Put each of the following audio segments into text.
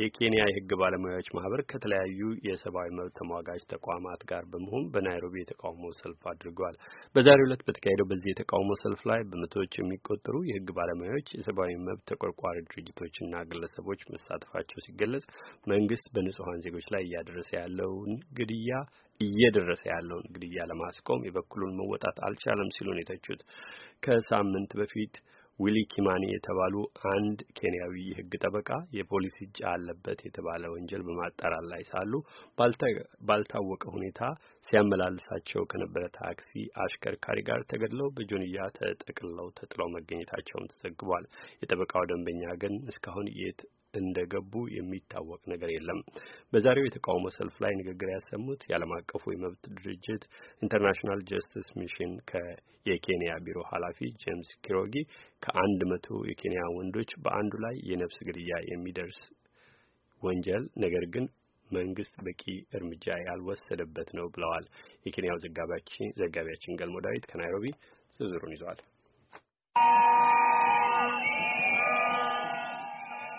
የኬንያ የሕግ ባለሙያዎች ማህበር ከተለያዩ የሰብአዊ መብት ተሟጋጅ ተቋማት ጋር በመሆን በናይሮቢ የተቃውሞ ሰልፍ አድርገዋል። በዛሬው ዕለት በተካሄደው በዚህ የተቃውሞ ሰልፍ ላይ በመቶዎች የሚቆጠሩ የሕግ ባለሙያዎች፣ የሰብአዊ መብት ተቆርቋሪ ድርጅቶችና ግለሰቦች መሳተፋቸው ሲገለጽ መንግስት በንጹሐን ዜጎች ላይ እያደረሰ ያለውን ግድያ እየደረሰ ያለውን ግድያ ለማስቆም የበኩሉን መወጣት አልቻለም ሲሉ ነው የተቹት። ከሳምንት በፊት ዊሊ ኪማኒ የተባሉ አንድ ኬንያዊ የህግ ጠበቃ የፖሊስ እጅ አለበት የተባለ ወንጀል በማጣራት ላይ ሳሉ ባልታወቀ ሁኔታ ሲያመላልሳቸው ከነበረ ታክሲ አሽከርካሪ ጋር ተገድለው በጆንያ ተጠቅልለው ተጥለው መገኘታቸውም ተዘግቧል። የጠበቃው ደንበኛ ግን እስካሁን የት እንደገቡ የሚታወቅ ነገር የለም። በዛሬው የተቃውሞ ሰልፍ ላይ ንግግር ያሰሙት የዓለም አቀፉ የመብት ድርጅት ኢንተርናሽናል ጀስቲስ ሚሽን የኬንያ ቢሮ ኃላፊ ጄምስ ኪሮጊ ከአንድ መቶ የኬንያ ወንዶች በአንዱ ላይ የነፍስ ግድያ የሚደርስ ወንጀል ነገር ግን መንግስት በቂ እርምጃ ያልወሰደበት ነው ብለዋል። የኬንያው ዘጋቢያችን ገልሞ ዳዊት ከናይሮቢ ዝርዝሩን ይዟል።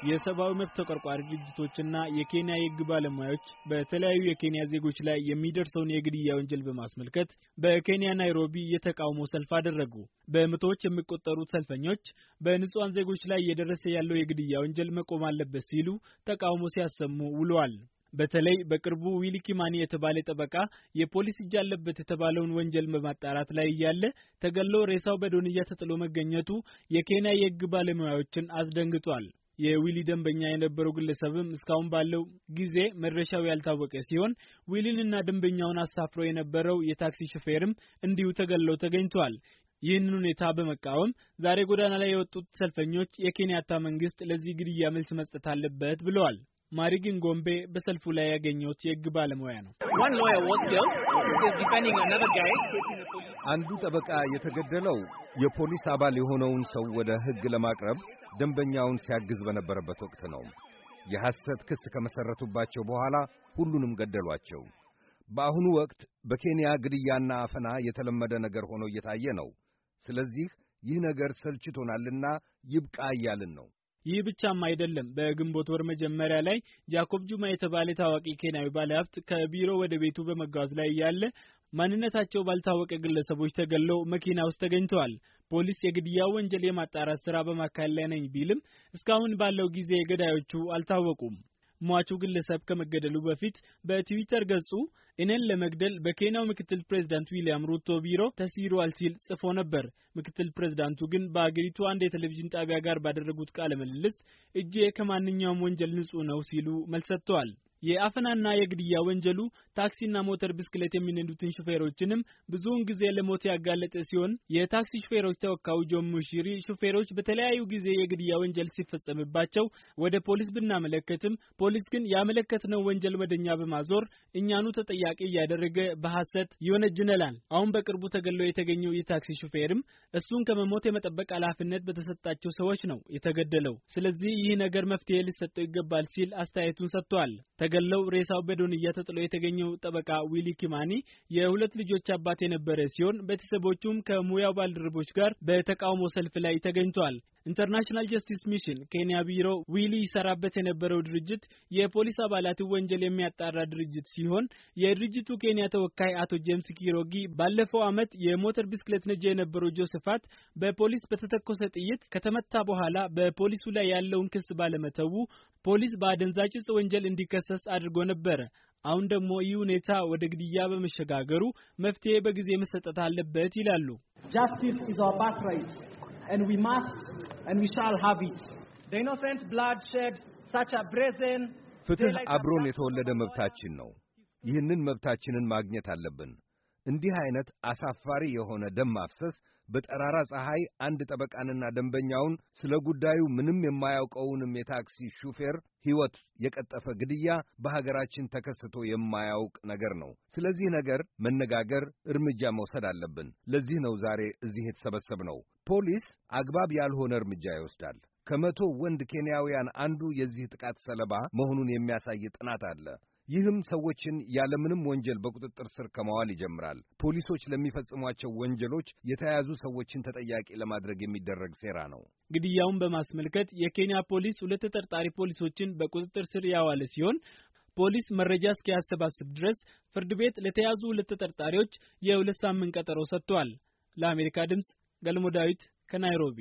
የሰብአዊ መብት ተቆርቋሪ ድርጅቶችና የኬንያ የህግ ባለሙያዎች በተለያዩ የኬንያ ዜጎች ላይ የሚደርሰውን የግድያ ወንጀል በማስመልከት በኬንያ ናይሮቢ የተቃውሞ ሰልፍ አደረጉ። በመቶዎች የሚቆጠሩት ሰልፈኞች በንጹሐን ዜጎች ላይ እየደረሰ ያለው የግድያ ወንጀል መቆም አለበት ሲሉ ተቃውሞ ሲያሰሙ ውለዋል። በተለይ በቅርቡ ዊሊ ኪማኒ የተባለ ጠበቃ የፖሊስ እጅ አለበት የተባለውን ወንጀል በማጣራት ላይ እያለ ተገሎ ሬሳው በዶንያ ተጥሎ መገኘቱ የኬንያ የህግ ባለሙያዎችን አስደንግጧል። የዊሊ ደንበኛ የነበረው ግለሰብም እስካሁን ባለው ጊዜ መድረሻው ያልታወቀ ሲሆን ዊሊንና ደንበኛውን አሳፍሮ የነበረው የታክሲ ሾፌርም እንዲሁ ተገለው ተገኝቷል። ይህንን ሁኔታ በመቃወም ዛሬ ጎዳና ላይ የወጡት ሰልፈኞች የኬንያታ መንግስት ለዚህ ግድያ መልስ መስጠት አለበት ብለዋል። ማሪግ ንጎምቤ በሰልፉ ላይ ያገኘሁት የህግ ባለሙያ ነው። አንዱ ጠበቃ የተገደለው የፖሊስ አባል የሆነውን ሰው ወደ ህግ ለማቅረብ ደንበኛውን ሲያግዝ በነበረበት ወቅት ነው። የሐሰት ክስ ከመሠረቱባቸው በኋላ ሁሉንም ገደሏቸው። በአሁኑ ወቅት በኬንያ ግድያና አፈና የተለመደ ነገር ሆኖ እየታየ ነው። ስለዚህ ይህ ነገር ሰልችቶናልና ይብቃ እያልን ነው። ይህ ብቻም አይደለም። በግንቦት ወር መጀመሪያ ላይ ጃኮብ ጁማ የተባለ ታዋቂ ኬንያዊ ባለሀብት ከቢሮ ወደ ቤቱ በመጓዝ ላይ ያለ ማንነታቸው ባልታወቀ ግለሰቦች ተገለው መኪና ውስጥ ተገኝተዋል። ፖሊስ የግድያ ወንጀል የማጣራት ስራ በማካሄድ ላይ ነኝ ቢልም እስካሁን ባለው ጊዜ ገዳዮቹ አልታወቁም። ሟቹ ግለሰብ ከመገደሉ በፊት በትዊተር ገጹ እኔን ለመግደል በኬንያው ምክትል ፕሬዝዳንት ዊሊያም ሩቶ ቢሮ ተሲሯል ሲል ጽፎ ነበር። ምክትል ፕሬዝዳንቱ ግን በአገሪቱ አንድ የቴሌቪዥን ጣቢያ ጋር ባደረጉት ቃለ ምልልስ እጄ ከማንኛውም ወንጀል ንጹህ ነው ሲሉ መልስ ሰጥተዋል። የአፈናና የግድያ ወንጀሉ ታክሲና ሞተር ብስክሌት የሚነዱትን ሹፌሮችንም ብዙውን ጊዜ ለሞት ያጋለጠ ሲሆን የታክሲ ሹፌሮች ተወካዩ ጆን ሙሽሪ ሹፌሮች በተለያዩ ጊዜ የግድያ ወንጀል ሲፈጸምባቸው ወደ ፖሊስ ብናመለከትም ፖሊስ ግን ያመለከትነው ወንጀል ወደኛ በማዞር እኛኑ ተጠያቂ እያደረገ በሐሰት ይወነጅነላል። አሁን በቅርቡ ተገሎ የተገኘው የታክሲ ሹፌርም እሱን ከመሞት የመጠበቅ ኃላፊነት በተሰጣቸው ሰዎች ነው የተገደለው። ስለዚህ ይህ ነገር መፍትሄ ሊሰጠው ይገባል ሲል አስተያየቱን ሰጥቷል። ተገለው ሬሳው በዶንያ ተጥሎ የተገኘው ጠበቃ ዊሊ ኪማኒ የሁለት ልጆች አባት የነበረ ሲሆን ቤተሰቦቹም ከሙያው ባልደረቦች ጋር በተቃውሞ ሰልፍ ላይ ተገኝቷል። ኢንተርናሽናል ጀስቲስ ሚሽን ኬንያ ቢሮ ዊሊ ይሰራበት የነበረው ድርጅት የፖሊስ አባላትን ወንጀል የሚያጣራ ድርጅት ሲሆን የድርጅቱ ኬንያ ተወካይ አቶ ጄምስ ኪሮጊ ባለፈው ዓመት የሞተር ብስክሌት ነጂ የነበረው ጆሰፋት በፖሊስ በተተኮሰ ጥይት ከተመታ በኋላ በፖሊሱ ላይ ያለውን ክስ ባለመተዉ ፖሊስ በአደንዛዥ እጽ ወንጀል እንዲከሰስ አድርጎ ነበረ። አሁን ደግሞ ይህ ሁኔታ ወደ ግድያ በመሸጋገሩ መፍትሄ በጊዜ መሰጠት አለበት ይላሉ። and we must and we shall have it. The innocent blood shed such a brazen ፍትህ አብሮን የተወለደ መብታችን ነው። ይህንን መብታችንን ማግኘት አለብን። እንዲህ አይነት አሳፋሪ የሆነ ደም ማፍሰስ በጠራራ ፀሐይ አንድ ጠበቃንና ደንበኛውን ስለ ጉዳዩ ምንም የማያውቀውንም የታክሲ ሹፌር ሕይወት የቀጠፈ ግድያ በሀገራችን ተከስቶ የማያውቅ ነገር ነው። ስለዚህ ነገር መነጋገር፣ እርምጃ መውሰድ አለብን። ለዚህ ነው ዛሬ እዚህ የተሰበሰብ ነው ፖሊስ አግባብ ያልሆነ እርምጃ ይወስዳል። ከመቶ ወንድ ኬንያውያን አንዱ የዚህ ጥቃት ሰለባ መሆኑን የሚያሳይ ጥናት አለ። ይህም ሰዎችን ያለምንም ወንጀል በቁጥጥር ስር ከማዋል ይጀምራል። ፖሊሶች ለሚፈጽሟቸው ወንጀሎች የተያያዙ ሰዎችን ተጠያቂ ለማድረግ የሚደረግ ሴራ ነው። ግድያውን በማስመልከት የኬንያ ፖሊስ ሁለት ተጠርጣሪ ፖሊሶችን በቁጥጥር ስር ያዋለ ሲሆን ፖሊስ መረጃ እስኪያሰባስብ ድረስ ፍርድ ቤት ለተያዙ ሁለት ተጠርጣሪዎች የሁለት ሳምንት ቀጠሮ ሰጥቷል። ለአሜሪካ ድምፅ ገልሞ ዳዊት ከናይሮቢ